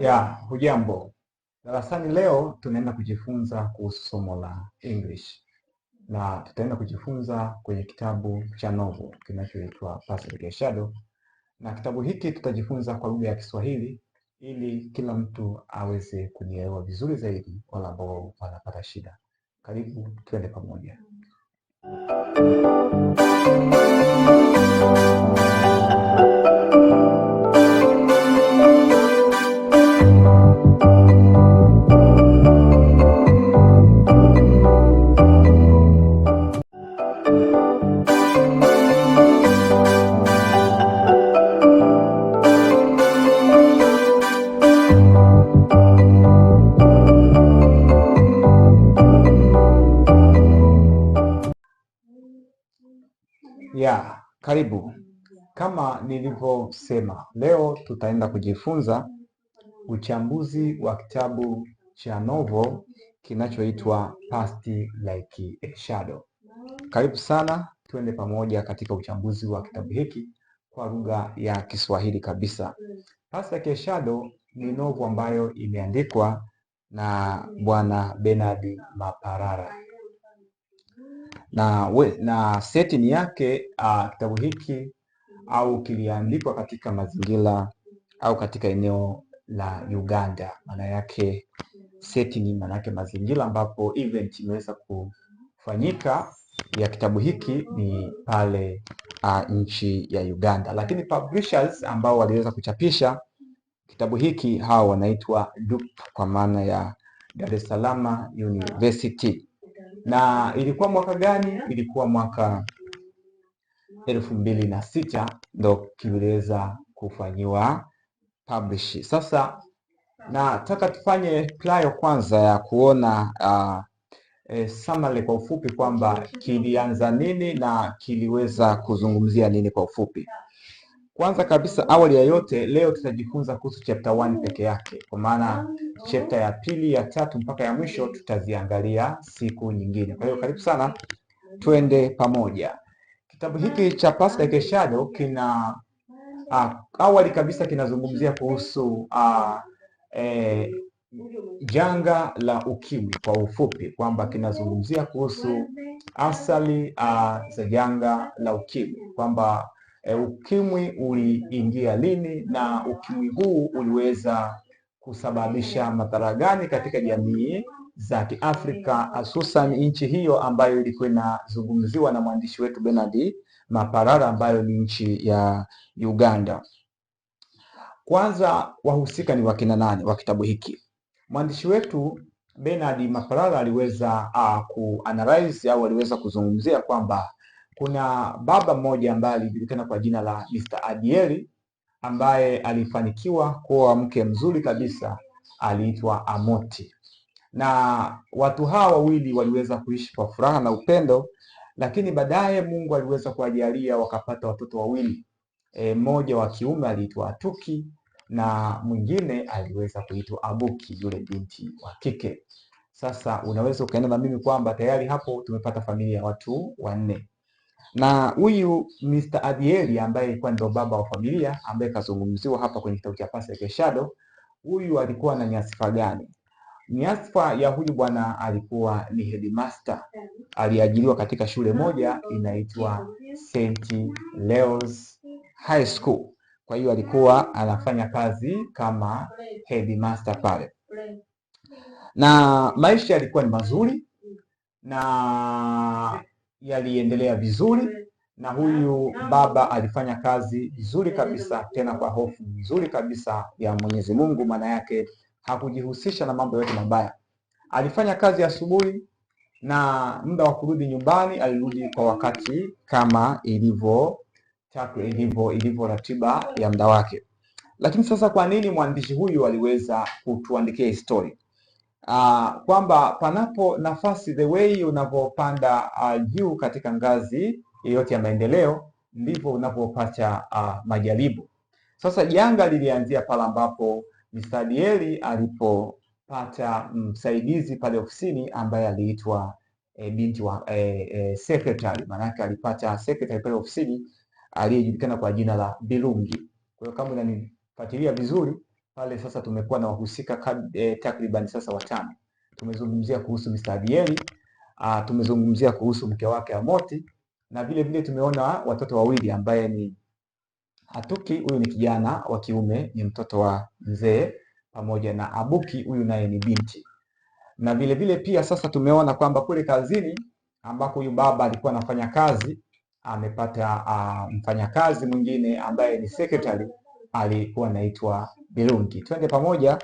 Ya, hujambo. Darasani leo tunaenda kujifunza kuhusu somo la English na tutaenda kujifunza kwenye kitabu cha novel kinachoitwa Pacific Shadow, na kitabu hiki tutajifunza kwa lugha ya Kiswahili ili kila mtu aweze kunielewa vizuri zaidi, wala ambao wanapata shida. Karibu, tuende pamoja. kusema. Leo tutaenda kujifunza uchambuzi wa kitabu cha novel kinachoitwa Past Like a Shadow. Karibu sana, tuende pamoja katika uchambuzi wa kitabu hiki kwa lugha ya Kiswahili kabisa. Past Like a Shadow ni novel ambayo imeandikwa na Bwana Bernard Maparara na, we, na setini yake uh, kitabu hiki au kiliandikwa katika mazingira au katika eneo la Uganda, maana yake setting, maana yake mazingira ambapo event imeweza kufanyika ya kitabu hiki ni pale uh, nchi ya Uganda, lakini publishers ambao waliweza kuchapisha kitabu hiki hao wanaitwa DUP kwa maana ya Dar es Salaam University. Na ilikuwa mwaka gani? Ilikuwa mwaka elfu mbili na sita ndo kiliweza kufanyiwa publish. Sasa nataka tufanye playo kwanza ya kuona uh, eh, summary kwa ufupi kwamba kilianza nini na kiliweza kuzungumzia nini kwa ufupi. Kwanza kabisa, awali ya yote, leo tutajifunza kuhusu chapter 1 peke yake, kwa maana chapter ya pili, ya tatu mpaka ya mwisho tutaziangalia siku nyingine. Kwa hiyo karibu sana, twende pamoja. Kitabu hiki cha Pasaka Keshayo kina uh, awali kabisa kinazungumzia kuhusu uh, eh, janga la ukimwi kwa ufupi, kwamba kinazungumzia kuhusu asali uh, za janga la ukimwi, kwamba eh, ukimwi uliingia lini na ukimwi huu uliweza kusababisha madhara gani katika jamii za Kiafrika, hususan nchi hiyo ambayo ilikuwa inazungumziwa na mwandishi wetu Bernard Maparara, ambayo ni nchi ya Uganda. Kwanza, wahusika ni wakina nani wa kitabu hiki? Mwandishi wetu Bernard Maparara aliweza uh, kuanalyze au aliweza kuzungumzia kwamba kuna baba mmoja ambaye alijulikana kwa jina la Mr. Adieli ambaye alifanikiwa kuwa mke mzuri kabisa aliitwa Amoti na watu hawa wawili waliweza kuishi kwa furaha na upendo, lakini baadaye Mungu aliweza kuwajalia wakapata watoto wawili, e, mmoja e, wa kiume aliitwa Atuki na mwingine aliweza kuitwa Abuki, yule binti wa kike. Sasa unaweza ukaenda na mimi kwamba tayari hapo tumepata familia ya watu wanne, na huyu Mr. Adieli ambaye alikuwa ndio baba wa familia ambaye kazungumziwa hapa kwenye kitabu cha Pasaka Shadow, huyu alikuwa na nyasifa gani? niasfa ya huyu bwana alikuwa ni headmaster, aliajiriwa katika shule moja inaitwa St. Leo's High School. Kwa hiyo alikuwa anafanya kazi kama headmaster pale, na maisha yalikuwa ni mazuri na yaliendelea vizuri, na huyu baba alifanya kazi vizuri kabisa, tena kwa hofu nzuri kabisa ya Mwenyezi Mungu, maana yake hakujihusisha na mambo yote mabaya. Alifanya kazi asubuhi na muda wa kurudi nyumbani alirudi kwa wakati kama ilivyo tatu ilivyo ilivyo ratiba ya muda wake. Lakini sasa kwa nini mwandishi huyu aliweza kutuandikia histori uh, ah, kwamba panapo nafasi, the way unavyopanda uh, juu katika ngazi yoyote ya maendeleo ndivyo unavyopata uh, majaribu. Sasa janga lilianzia pale ambapo Msadieli alipopata msaidizi pale ofisini ambaye aliitwa e, binti wa e, e, secretary, maanake alipata secretary pale ofisini aliyejulikana kwa jina la Bilungi. Kwa hiyo kama unanifuatilia vizuri pale, sasa tumekuwa na wahusika e, takriban sasa watano. Tumezungumzia kuhusu Msadieli, ah, tumezungumzia kuhusu mke wake Amoti na vile vile tumeona watoto wawili ambaye ni Hatuki huyu ni kijana wa kiume, ni mtoto wa mzee, pamoja na Abuki huyu naye ni binti. Na vile vile pia sasa tumeona kwamba kule kazini ambako huyu baba alikuwa anafanya kazi amepata uh, mfanyakazi mwingine ambaye ni secretary alikuwa anaitwa Birungi. Twende pamoja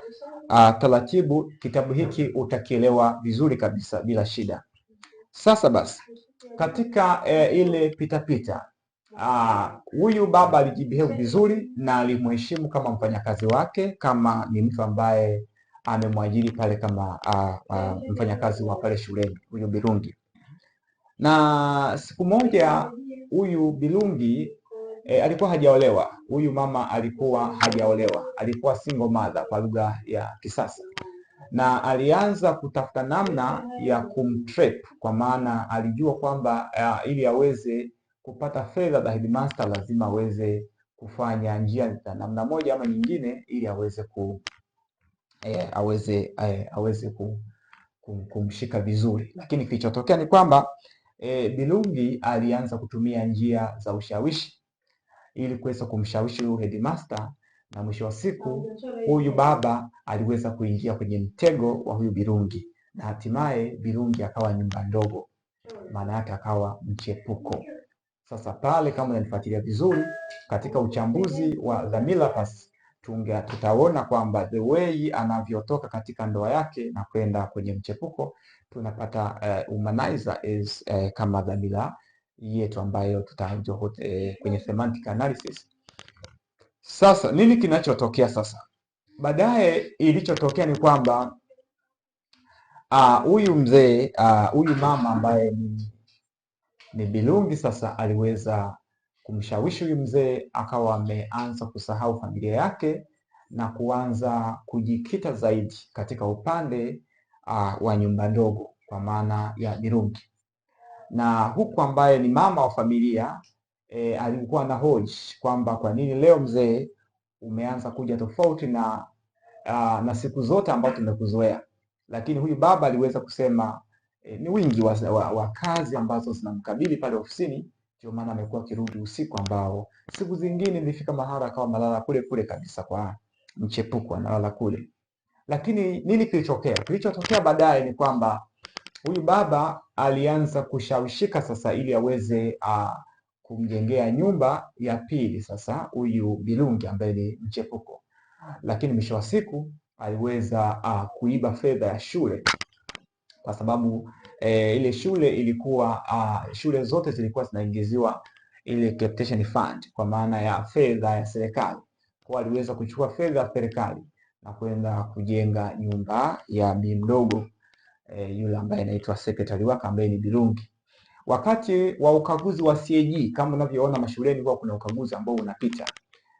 uh, taratibu. Kitabu hiki utakielewa vizuri kabisa bila shida. Sasa basi katika uh, ile pitapita Ah, huyu baba alijibehave vizuri na alimheshimu kama mfanyakazi wake, kama ni mtu ambaye amemwajiri pale kama uh, uh, mfanyakazi wa pale shuleni huyu Birungi. Na siku moja huyu Birungi e, eh, alikuwa hajaolewa. Huyu mama alikuwa hajaolewa, alikuwa single mother kwa lugha ya kisasa, na alianza kutafuta namna ya kumtrap, kwa maana alijua kwamba uh, ili aweze kupata fedha za headmaster lazima aweze kufanya njia za namna moja ama nyingine, ili aweze ku eh, aweze eh, aweze ku, ku, kumshika vizuri. Lakini kilichotokea ni kwamba eh, Bilungi alianza kutumia njia za ushawishi ili kuweza kumshawishi huyu headmaster na mwisho wa siku huyu baba aliweza kuingia kwenye mtego wa huyu Birungi na hatimaye Birungi akawa nyumba ndogo, maana yake akawa mchepuko. Sasa pale, kama unanifuatilia vizuri katika uchambuzi wa The Miraculous, tunge tutaona kwamba the way anavyotoka katika ndoa yake na kwenda kwenye mchepuko tunapata uh, eh, humanizer is uh, kama dhamira yetu ambayo tutaanza uh, eh, kwenye semantic analysis. Sasa nini kinachotokea sasa? Baadaye ilichotokea ni kwamba ah, huyu uh, mzee ah, huyu uh, mama ambaye ni ni Bilungi sasa aliweza kumshawishi huyu mzee akawa ameanza kusahau familia yake na kuanza kujikita zaidi katika upande uh, wa nyumba ndogo kwa maana ya Birungi, na huku ambaye ni mama wa familia e, alikuwa na hoji kwamba kwa nini leo mzee umeanza kuja tofauti na uh, na siku zote ambazo tumekuzoea, lakini huyu baba aliweza kusema e, ni wingi wa, wa, wa kazi ambazo zinamkabili pale ofisini. Ndio maana amekuwa akirudi usiku, ambao siku zingine ilifika mahala akawa malala kule kule kabisa, kwa mchepuko analala kule. Lakini nini kilichotokea? Kilichotokea baadaye ni kwamba huyu baba alianza kushawishika sasa, ili aweze kumjengea nyumba ya pili sasa huyu Bilungi ambaye ni mchepuko, lakini mwisho wa siku aliweza kuiba fedha ya shule kwa sababu e, ile shule ilikuwa a, ah, shule zote zilikuwa zinaingiziwa ile capitation fund kwa maana ya fedha ya serikali. Kwa aliweza kuchukua fedha ya serikali na kwenda kujenga nyumba ya bi mdogo e, yule ambaye anaitwa secretary wake ambaye ni Birungi. Wakati wa ukaguzi wa CAG kama unavyoona mashuleni huwa kuna ukaguzi ambao unapita.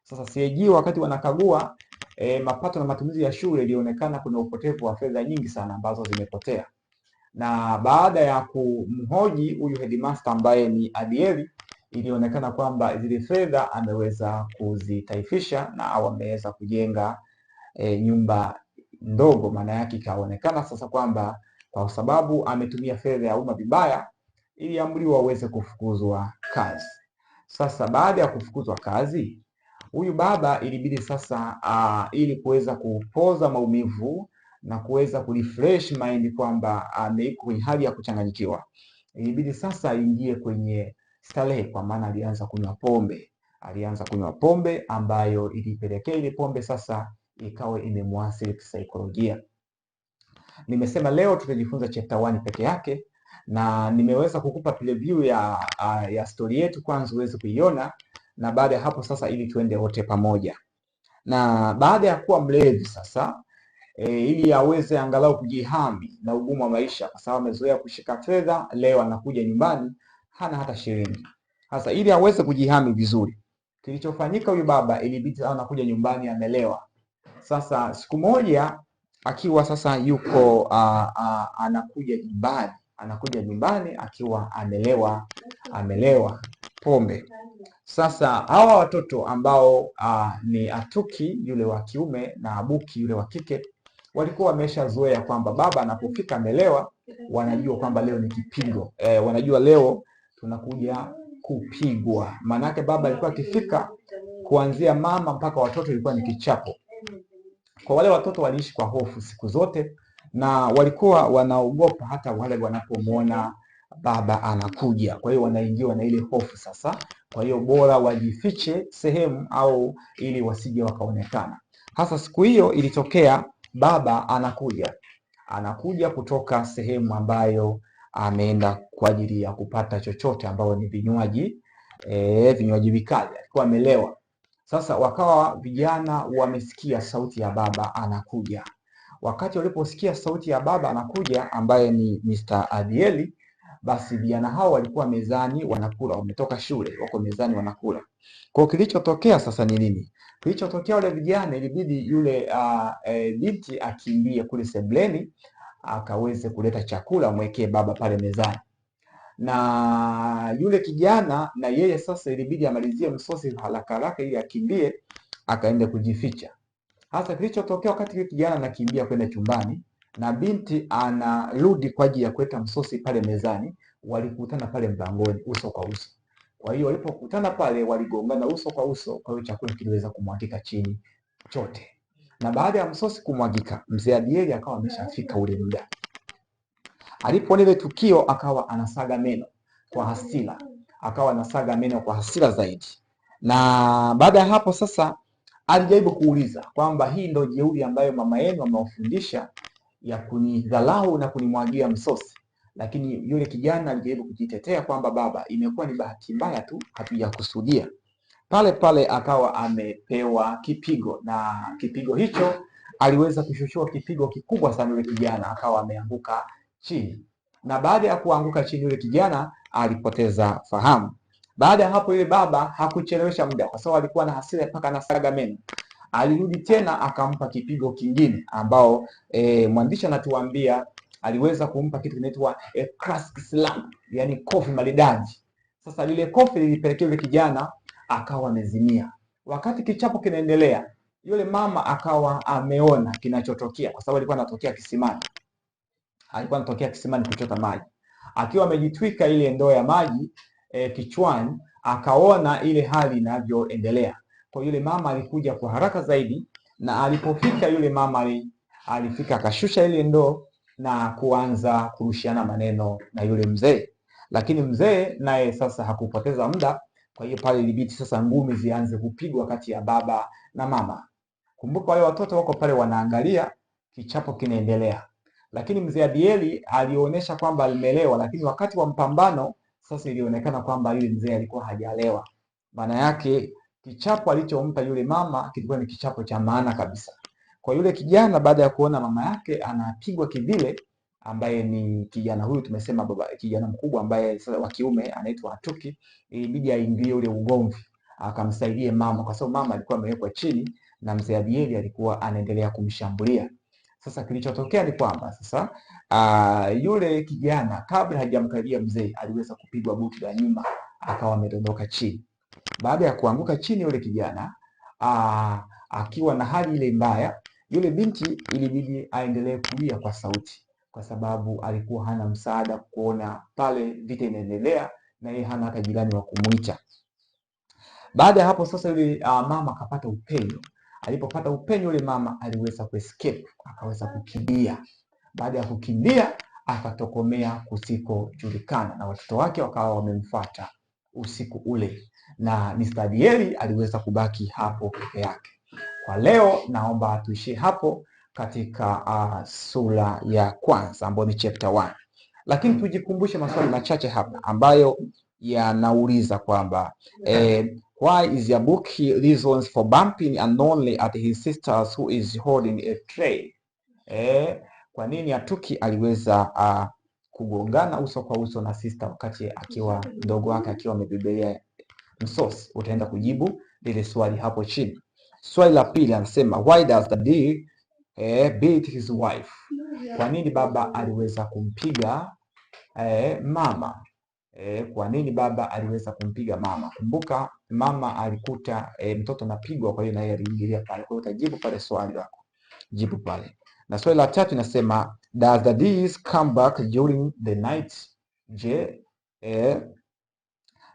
Sasa CAG wakati wanakagua e, mapato na matumizi ya shule ilionekana kuna upotevu wa fedha nyingi sana ambazo zimepotea na baada ya kumhoji huyu headmaster ambaye ni Adieli, ilionekana kwamba zile fedha ameweza kuzitaifisha na au ameweza kujenga e, nyumba ndogo. Maana yake ikaonekana sasa kwamba kwa sababu ametumia fedha ya umma vibaya, iliamriwa aweze kufukuzwa kazi. Sasa baada ya kufukuzwa kazi, huyu baba ilibidi sasa, a, ili kuweza kupoza maumivu na kuweza kurefresh mind kwamba ameiko ah, kwenye hali ya kuchanganyikiwa, ilibidi sasa aingie kwenye starehe, kwa maana alianza kunywa pombe. Alianza kunywa pombe ambayo ilipelekea ile pombe sasa ikawa imemwathiri kisaikolojia. Nimesema leo tutajifunza chapter 1 peke yake, na nimeweza kukupa preview ya, ah, ya stori yetu kwanza uweze kuiona, na baada ya hapo sasa ili tuende wote pamoja. Na baada ya kuwa mlevi sasa e, ili aweze angalau kujihami na ugumu wa maisha, kwa sababu amezoea kushika fedha, leo anakuja nyumbani hana hata shilingi. Sasa ili aweze kujihami vizuri, kilichofanyika huyu baba ilibidi anakuja nyumbani amelewa. Sasa siku moja akiwa sasa yuko a, a, anakuja nyumbani anakuja nyumbani akiwa amelewa amelewa pombe. Sasa hawa watoto ambao a, ni Atuki yule wa kiume na Abuki yule wa kike walikuwa wameshazoea kwamba baba anapofika amelewa, wanajua kwamba leo ni kipigo e, wanajua leo tunakuja kupigwa. Maanake baba alikuwa akifika, kuanzia mama mpaka watoto ilikuwa ni kichapo. Kwa wale watoto waliishi kwa hofu siku zote, na walikuwa wanaogopa hata wale wanapomwona baba anakuja. Kwa hiyo wanaingiwa na ile hofu sasa. Kwa hiyo bora wajifiche sehemu, au ili wasije wakaonekana. Hasa siku hiyo ilitokea baba anakuja anakuja kutoka sehemu ambayo ameenda kwa ajili ya kupata chochote, ambayo ni vinywaji eh, vinywaji vikali, alikuwa amelewa. Sasa wakawa vijana wamesikia sauti ya baba anakuja. Wakati waliposikia sauti ya baba anakuja, ambaye ni Mr. Adieli, basi vijana hao walikuwa mezani wanakula, wametoka shule, wako mezani wanakula. Kwa kilichotokea sasa ni nini? Kilichotokea wale vijana, ilibidi yule uh, e, binti akimbie kule sebleni akaweze kuleta chakula amwekee baba pale mezani, na yule kijana na yeye sasa ilibidi amalizie msosi haraka haraka ili akimbie akaende kujificha. Hasa kilichotokea wakati yule kijana anakimbia kwenda chumbani na binti anarudi kwa ajili ya kuweka msosi pale mezani, walikutana pale mlangoni uso kwa uso. Kwa hiyo walipokutana pale waligongana uso kwa uso, kwa hiyo chakula kiliweza kumwagika chini chote, na baada ya msosi kumwagika, mzee Adieli akawa ameshafika ule muda. Alipoona ile tukio, akawa anasaga meno kwa hasira, akawa anasaga meno kwa hasira zaidi. Na baada ya hapo sasa alijaribu kuuliza kwamba hii ndio jeuri ambayo mama yenu amewafundisha ya kunidhalau na kunimwagia msosi, lakini yule kijana alijaribu kujitetea kwamba baba, imekuwa ni bahati mbaya tu, hatujakusudia. Pale pale akawa amepewa kipigo, na kipigo hicho aliweza kushushua kipigo kikubwa sana. Yule kijana akawa ameanguka chini, na baada ya kuanguka chini, yule kijana alipoteza fahamu. Baada ya hapo, yule baba hakuchelewesha muda, kwa sababu alikuwa na hasira mpaka saga meno. Alirudi tena akampa kipigo kingine, ambao e, mwandishi anatuambia aliweza kumpa kitu kinaitwa e, eh, classic slam, yani kofi maridadi. Sasa lile kofi lilipelekea yule kijana akawa amezimia. Wakati kichapo kinaendelea, yule mama akawa ameona kinachotokea, kwa sababu alikuwa anatokea kisimani, alikuwa anatokea kisimani kuchota maji, akiwa amejitwika ile ndoo ya maji e, kichwani, akaona ile hali inavyoendelea kwa yule mama alikuja kwa haraka zaidi, na alipofika yule mama ali, alifika akashusha ile ndoo na kuanza kurushiana maneno na yule mzee, lakini mzee naye sasa hakupoteza muda. Kwa hiyo pale ilibidi sasa ngumi zianze kupigwa kati ya baba na mama. Kumbuka wale watoto wako pale wanaangalia, kichapo kinaendelea, lakini mzee Abieli alionyesha kwamba alimelewa, lakini wakati wa mpambano sasa ilionekana kwamba yule mzee alikuwa hajalewa, maana yake Kichapo alichompa yule mama kilikuwa ni kichapo cha maana kabisa. Kwa yule kijana, baada ya kuona mama yake anapigwa kivile, ambaye ni kijana huyu tumesema baba, kijana mkubwa ambaye sasa wa kiume anaitwa Atuki, ilibidi aingie ule ugomvi akamsaidie mama, kwa sababu mama alikuwa amewekwa chini na mzee Abieli alikuwa anaendelea kumshambulia. Sasa kilichotokea ni kwamba sasa uh, yule kijana kabla hajamkaribia mzee aliweza kupigwa butu la nyuma, akawa amedondoka chini. Baada ya kuanguka chini yule kijana aa, akiwa na hali ile mbaya, yule binti ilibidi aendelee kulia kwa sauti, kwa sababu alikuwa hana msaada kuona pale vita inaendelea na yeye hana hata jirani wa kumuita. Baada ya hapo sasa, yule uh, mama akapata upenyo. Alipopata upenyo, yule mama aliweza kuescape, akaweza kukimbia. Baada ya kukimbia, akatokomea kusikojulikana, na watoto wake wakawa wamemfuata usiku ule na Mr. Dieri aliweza kubaki hapo peke yake. Kwa leo naomba tuishie hapo katika uh, sura ya kwanza ambayo ni chapter 1, lakini tujikumbushe maswali machache hapa ambayo yanauliza kwamba eh, why is book reasons for bumping only at his sisters who is holding a tray eh, kwa nini Atuki aliweza uh, kugongana uso kwa uso na sister wakati akiwa mdogo wake akiwa amebebelea resource, utaenda kujibu lile swali hapo chini. Swali la pili anasema why does the D eh, beat his wife? Kwa nini baba aliweza kumpiga eh, mama? Eh, kwa nini baba aliweza kumpiga mama? Kumbuka mama alikuta eh, mtoto anapigwa, kwa hiyo naye aliingilia pale. Kwa hiyo utajibu pale swali lako, jibu pale. Na swali la tatu inasema does the dad come back during the night? Je, eh,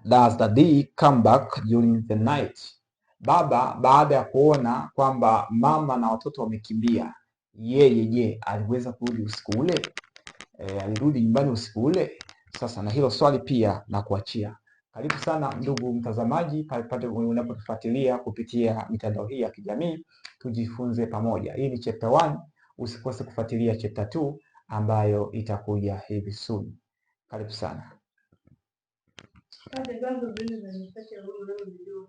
Does the day come back during the night? Baba baada ya kuona kwamba mama na watoto wamekimbia, yeye je, aliweza kurudi usiku ule? E, alirudi nyumbani usiku ule? Sasa na hilo swali pia na kuachia. Karibu sana ndugu mtazamaji, palipate unapotufuatilia kupitia mitandao hii ya kijamii, tujifunze pamoja. Hii ni chapter 1, usikose kufuatilia chapter 2 ambayo itakuja hivi soon. Karibu sana. Ça c'est un problème, de